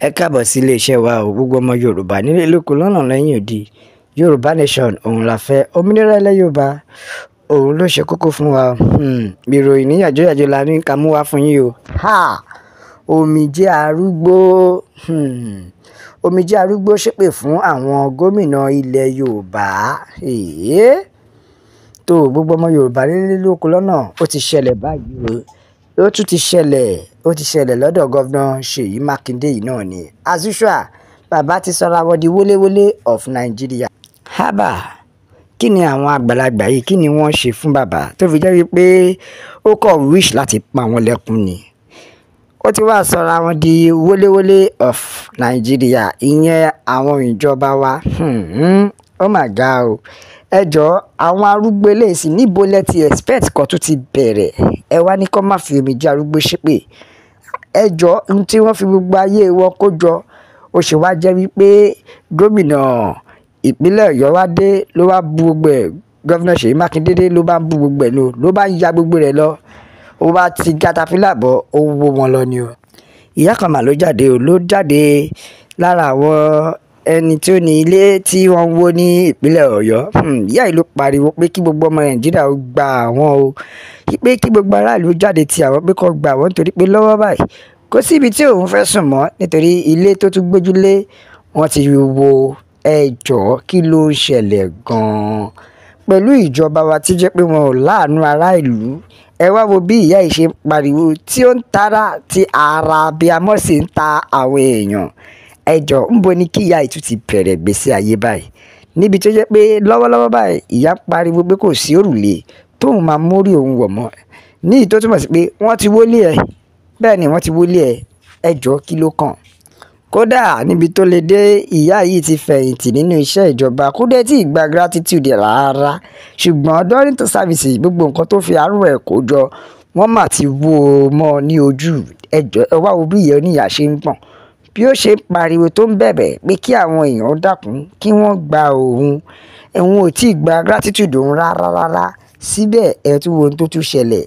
ẹ káàbọ̀ sí iléeṣẹ́ wa ò gbogbo ọmọ yorùbá nílé lóko lọ́nà lẹ́yìn òdì yorùbá nation òun la fẹ́ òmìnira ilẹ̀ yorùbá òun ló ṣe kókó fún wa hmm, ìròyìn ní yàjóyàjó la ní ká mú wá fún yín o omijé arúgbó hmm, omijé arúgbó ṣépè fún àwọn gómìnà ilẹ̀ yorùbá tó gbogbo ọmọ yorùbá nílé lóko lọ́nà ó ti ṣẹlẹ̀ báyìí o ó tún ti ṣẹlẹ̀ ó ti ṣẹlẹ̀ lọ́dọ̀ gọ́vnà ṣèyí mákindé yìí náà ni as usual bàbá ti sọra wọn di wólewóle of nigeria. haba kí ni àwọn àgbàlagbà yìí kí ni wọ́n ṣe fún bàbá tó fi jẹ́ wípé ó kọ̀ wish láti pa wọn lẹ́kún ni ó ti wá sọra wọn di wólewóle of nigeria ìyẹn àwọn ìjọba wa ó mà ga o. Hmm, ẹ jọ̀ọ́ àwọn arúgbó eléyìí sì níbo lẹ ti expect kan tún ti bẹ̀rẹ̀ ẹ wá ní kó má fi omijé arúgbó ṣépè ẹ jọ̀ọ́ ohun tí wọ́n fi gbogbo ayé wọn kó jọ ó ṣe wá jẹ́ wípé gómìnà ìpínlẹ̀ ọ̀yọ́ wá dé ló wá bu gbogbo ẹ̀ gọ́vínà ṣèyí mákindé dé ló bá ń bu gbogbo ẹ̀ lọ ló bá ń ya gbogbo rẹ̀ lọ ó bá ti katafílà bọ́ ó wó wọn lọ ni o ìyá kan mà ló jáde o ló jáde lára àwọn ẹni tí ó ní ilé tí wọ́n wó ní ìpínlẹ̀ ọ̀yọ́ hmm, ìyá yìí ló pariwo pé kí gbogbo ọmọ nàìjíríà ó gba àwọn o pé kí gbogbo aráàlú jáde ti àwọn pé kó gba àwọn nítorí pé lọ́wọ́ báyìí kò sí ibi tí òun fẹ́ sùn mọ́ nítorí ilé tó tún gbójúlé wọ́n ti wo ẹjọ́ kí ló ń ṣẹlẹ̀ gan-an pẹ̀lú ìjọba wa tí jẹ́ pé wọn ò láàánú ará ìlú ẹ wá wo bí ìyá yìí ṣe pariwo tí ó ń tara ti ara bí amọ̀ ń ta àwọn èèyàn ẹ jọ níbo ni kí ìyá yìí tún ti bẹ̀rẹ̀ gbèsè ayé báyìí níbi tó jẹ́ pé lọ́wọ́lọ́wọ́ báyìí ìyá pariwo pé kò sí òrùlé tóun máa mórí òun wọ̀ mọ́ ní ìtó túmọ̀ sí pé wọ́n ti wólé ẹ̀ bẹ́ẹ̀ ni wọ́n ti wólé ẹ̀ ẹ jọ kí ló kàn kódà níbi tó lè dé ìyá yìí ti fẹ̀yìntì nínú iṣẹ́ ìjọba kò dé tí ìgbà gratitude rárá ṣùgbọ́n during to services gbogbo nǹkan tó fi àárọ̀ ẹ̀ kó jọ wọ́n mà ti wó o mọ́ ní ojú ẹjọ́ ẹ wá wo bí oníyà ṣe ń pọ̀n bí ó ṣe ń pariwo tó ń bẹ̀bẹ̀ pé kí àwọn èèyàn dákun kí wọ́n gba òun òun ò tí ì gba gratitude òun rárá rárá síbẹ̀ ẹ̀ tún wo ohun tó tún ṣẹlẹ̀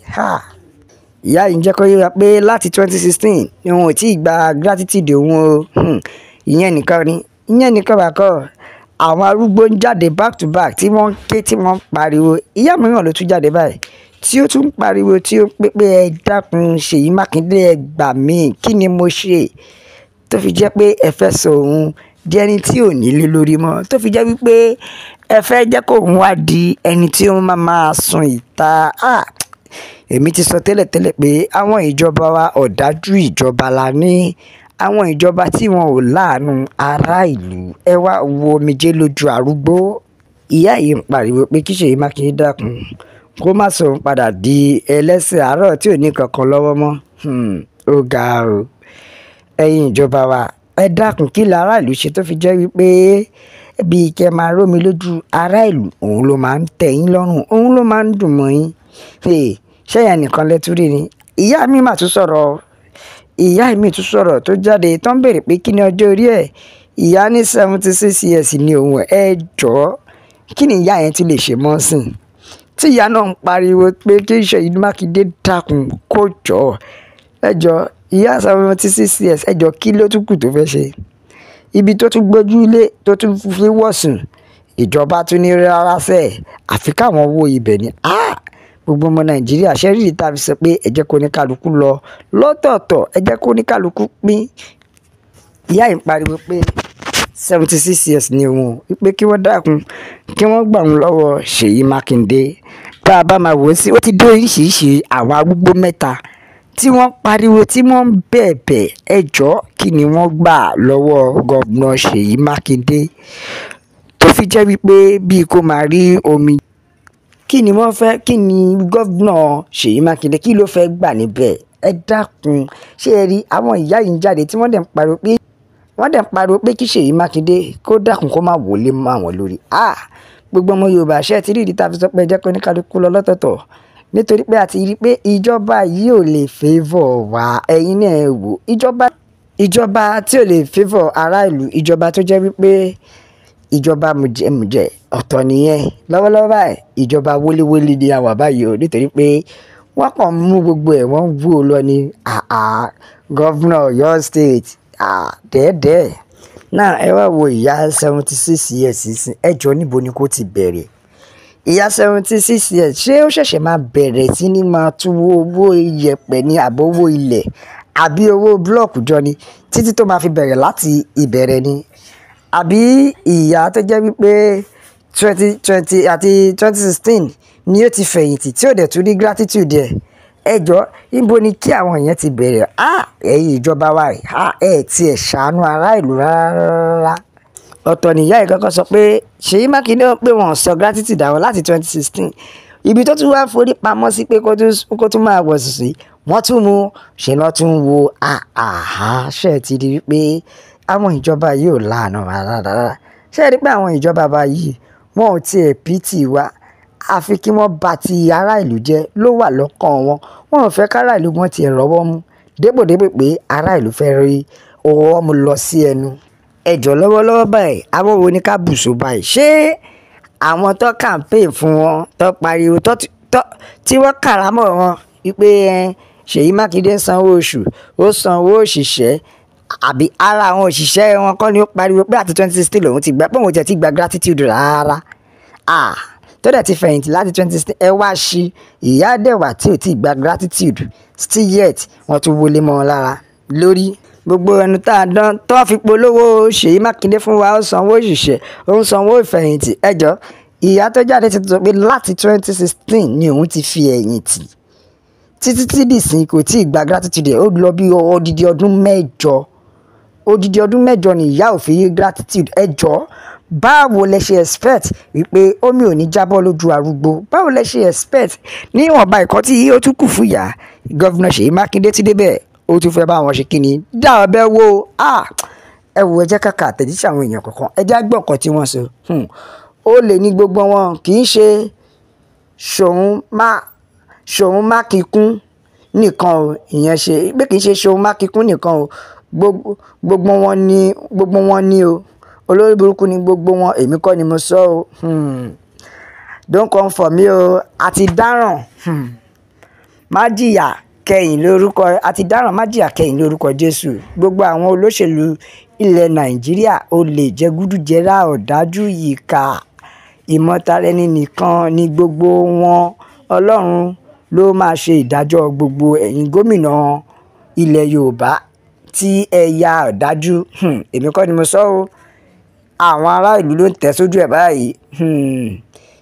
ìyá yìí ń jẹ́ kó yíra pé láti 2016 ni òun ò tí ì gba gratitude òun o hmm. ìyẹn nìkan ni ìyẹn nìkan bàkọ́ àwọn arúgbó ń jáde back to back tí wọ́n ń ké tí wọ́n ń pariwo ìyá mìíràn ló tún jáde báyìí tí ó tún ń pariwo tí ó ń pépé ẹ dákun Ṣèyí Mákindé ẹ gbà mí kí ni mo ṣe tó fi jẹ́ pé ẹ fẹ́ sọ òun di ẹni tí ò nílé lórí mọ́ tó fi jẹ́ wípé ẹ fẹ́ jẹ́ kó òun wá di ẹni tí ó máa máa sun ìta èmi ti sọ tẹ́lẹ̀tẹ́lẹ̀ pé àwọn ìjọba wa ọ̀dájú ìjọba la ní àwọn ìjọba tí wọn ò láàánú ará ìlú ẹ wá wo omijé lójú arúgbó ìyá yìí ń pariwo pé kí Ṣèyí Mákindé dákun kó má sọ padà di ẹlẹ́sìn àárọ̀ tí ò ní kankan lọ́wọ́ mọ́ hmm, ó ga o ẹ̀yin ìjọba wa ẹ dákun kí la aráàlú ṣe tó fi jẹ́ wípé bíi kẹ́ máa rómi lójú aráàlú òun ló máa ń tẹ̀ yín lọ́rùn òun ló máa ń dùn mọ́ yín ṣẹ́yà nìkan lẹ́túrí ni ìyá mi mà tún sọ̀rọ̀ ìyá mi tún sọ̀rọ̀ tó jáde tó ń béèrè pé kí ni ọjọ́ orí ẹ̀ ìyá ní seventy six years ni òun ẹ jọ kí ni ìyá yẹn ti lè ṣe mọ́ sìn tí ìyá náà ń pariwo pé kí Ṣèyí Mákindé dákun kó jọ ẹ jọ ìyá seventy six years ẹ jọ kí ló tún kù tó fẹ́ ṣe ibi tó tún gbójú lé tó tún fi wọ̀sùn ìjọba tún ní rárá sẹ́ àfi káwọn wo ibẹ̀ ni gbogbo ọmọ nàìjíríà ṣẹ́rìí ta fi sọ pé ẹ jẹ́ kó ní kálukú lọ lọ́tọ̀ọ̀tọ̀ ẹ jẹ́ ní kálukú pín ìyá yìí pariwo pé seventy six years ni òun pé kí wọ́n dákun kí wọ́n gbà wọn lọ́wọ́ ṣèyí mákindé tá a bá máa wò ó sí ó ti dé oríṣiríṣi àwọn arúgbó mẹ́ta tí wọ́n pariwo tí wọ́n ń bẹ̀bẹ̀ ẹ jọ̀ọ́ kí ni wọ́n gbà lọ́wọ́ gómìnà ṣèyí mákindé tó fi jẹ́ wípé bíi kó máa rí omi kí ni wọ́n fẹ́ kí ni gómìnà ṣèyí mákindé kí ló fẹ́ gbà níbẹ̀ ẹ dákun ṣé ẹ rí àwọn ìyá yìí ń jáde tí wọ́n dẹ̀ ń pariwo pé wọ́n dẹ̀ ń pariwo pé kí Ṣèyí Mákindé kó dákun kó má wọlé mọ́ àwọn lórí ah! gbogbo ọmọ Yorùbá ṣe ti rí ìdí tá a fi sọ pé ẹ jẹ́ kó ní kálukú lọ lọ́tọ̀ọ̀tọ̀ nítorí pé a ti rí i pé ìjọba yìí ò lè favour wa ẹ̀yin náà ẹ wò ìjọba ìjọba tí ò lè favour aráàlú ìjọba tó jẹ́ wípé ìjọba mùjẹmùjẹ ọ̀tọ̀ nìyẹn lọ́wọ́lọ́wọ́ báyìí ìjọba wólíwólí ni a wà báyìí o nítorí pé wọ́n kàn mú gbogbo ẹ̀ wọ́n wú o lọ ní gọ́vnà Ọ̀yọ́ state dẹ́ẹ̀dẹ́ẹ̀ náà ẹ wá wo ìyá seventy six years sísìn ẹjọ́ níbo ni kò ti bẹ̀rẹ̀ ìyá seventy six years ṣé ó ṣẹ̀ṣẹ̀ máa bẹ̀rẹ̀ sí ní máa tuwó owó iyẹ̀pẹ̀ ní àbówó ilẹ̀ àbí owó búlọ̀kù jọ ni títí tó máa fi bẹ̀rẹ̀ láti ìbẹ̀rẹ̀ ni àbí ìyá tó jẹ́ wípé twenty twenty àti twenty sixteen ni ó ti fẹ̀yìntì tí ò dẹ̀ tún ní gratitude ẹ̀ ẹjọ́ níbo ni kí àwọn èèyàn ti bẹ̀rẹ̀ ẹ̀yin ìjọba wa ẹ̀ tiẹ̀ ṣàánú ará ìlú rárá ọ̀tọ̀ nìyá ẹ̀ kọ́kọ́ sọ pé Ṣèyí Mákindé pé wọ́n sọ gratitude àwọn láti 2016 ibi tó tún wá forí pamọ́ sí pé kó tún máa wọ̀ sùsì wọ́n tún mú ṣe lọ́ tún wo àhàṣe ti di wípé àwọn ìjọba yìí ò láàánú rárá ṣe é rí pé àwọn ìjọba bá yìí wọn ò tiẹ̀ pìtì wá àfi kí wọ́n bà ti ará ìlú jẹ́ ló wà lọ́kàn wọn wọn ò fẹ́ kárá ìlú wọn tiẹ̀ rọ́wọ́ mú dépòdépò pé ará ìlú fẹ́ rí owó mu lọ sí ẹnu ẹjọ́ lọ́wọ́lọ́wọ́ báyìí àwọn wo ni ká bùṣọ báyìí ṣé àwọn tó campaign fún wọn tó pariwo tí wọ́n kàrámọ̀ wọn wípé Ṣèyí Mákindé ń sanwó oṣù ó sanwó òṣìṣẹ́ àbí ara àwọn òṣìṣẹ́ wọn kọ́ ni ó pariwo pé àti twenty sixteen lòun ti gba pé òun jẹ́ ti gba gratitude rárá ah tó dẹ̀ ti fẹ̀yìntì láti twenty sixteen ẹ wá sí ìyá dẹ̀wà tí ò ti gba gratitude still yet wọ́n tún wọlé mọ́ wọn lára lórí gbogbo ẹnu tá a dán tó fi polówó Ṣèyí Mákindé fún wa ó sanwó òṣìṣẹ́ ó ń sanwó ìfẹ̀yìntì ẹjọ́ ìyá tó jáde ti sọ pé láti 2016 ni òun ti fi ẹ̀yìn tì títí tí dìsín kò tí ì gba gratitude ó lọ bí odidi ọdún mẹ́jọ odidi ọdún mẹ́jọ ni ìyá ò fi gratitude ẹjọ́ báwo lẹ ṣe expect wípé omi ò ní jábọ́ lójú arúgbó báwo lẹ ṣe expect níwọ̀nba ìkọ́ tí ó tún kù fún ìyá gọ́vùnà Ṣèyí Mákindé ti débẹ̀ ó tún fẹ́ bá wọn ṣe kíni dábẹ́ wo ẹ wò ẹ jẹ́ kàkà àtẹ̀jíṣẹ́ àwọn èèyàn kọ̀ọ̀kan ẹ jẹ́ àgbọ̀ǹkan tí wọ́n sọ hmm. ó lè ní gbogbo wọn kì í ṣe ṣòun mákìkún nìkan o ìyẹn ṣe pé kì í ṣe ṣòun mákìkún nìkan o gbogbo wọn ni gbogbo wọn ni o olórí burúkú ni gbogbo wọn èmi kọ́ ni mo sọ o hmm. don't come for me o àti dáràn hmm. má jìyà kẹ́yìn lórúkọ àti dáràn májìyà kẹ́yìn lórúkọ jésù gbogbo àwọn olóṣèlú ilẹ̀ nàìjíríà olè jẹgúdújẹrá ọ̀dájú ìkà ìmọ̀taraẹni nìkan ni gbogbo wọn ọlọ́run ló máa ṣe ìdájọ́ gbogbo ẹ̀yin gómìnà ilẹ̀ yorùbá tí ẹ ya ọ̀dájú hmm, èmi kọ́ ni mo sọ ọ́ àwọn aráàlú ló ń tẹ̀ sójú ẹ̀ báyìí hmm.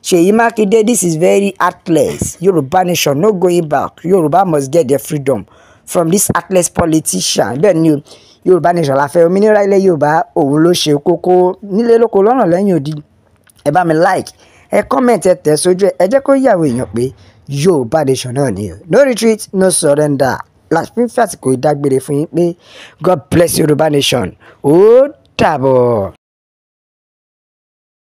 Ṣèyí Mákindé This is very heartless. Yorùbá nation no going back. Yorùbá must get their freedom from this heartless politician. Bẹ́ẹ̀ ni o, Yorùbá nation la fẹ́ òmìnira ilẹ̀ Yorùbá òun ló ṣe kókó nílé lóko lọ́rùn lẹ́yìn odi. Ẹ bá mi like, ẹ comment, ẹ tẹ̀ sójú ẹ, ẹ jẹ́ kó yàwó èèyàn pé Yorùbá nation náà ni No retreat, no surrender. Láti fi àsìkò ìdágbére fún yín pé God bless Yorùbá nation. Ó dàbọ̀.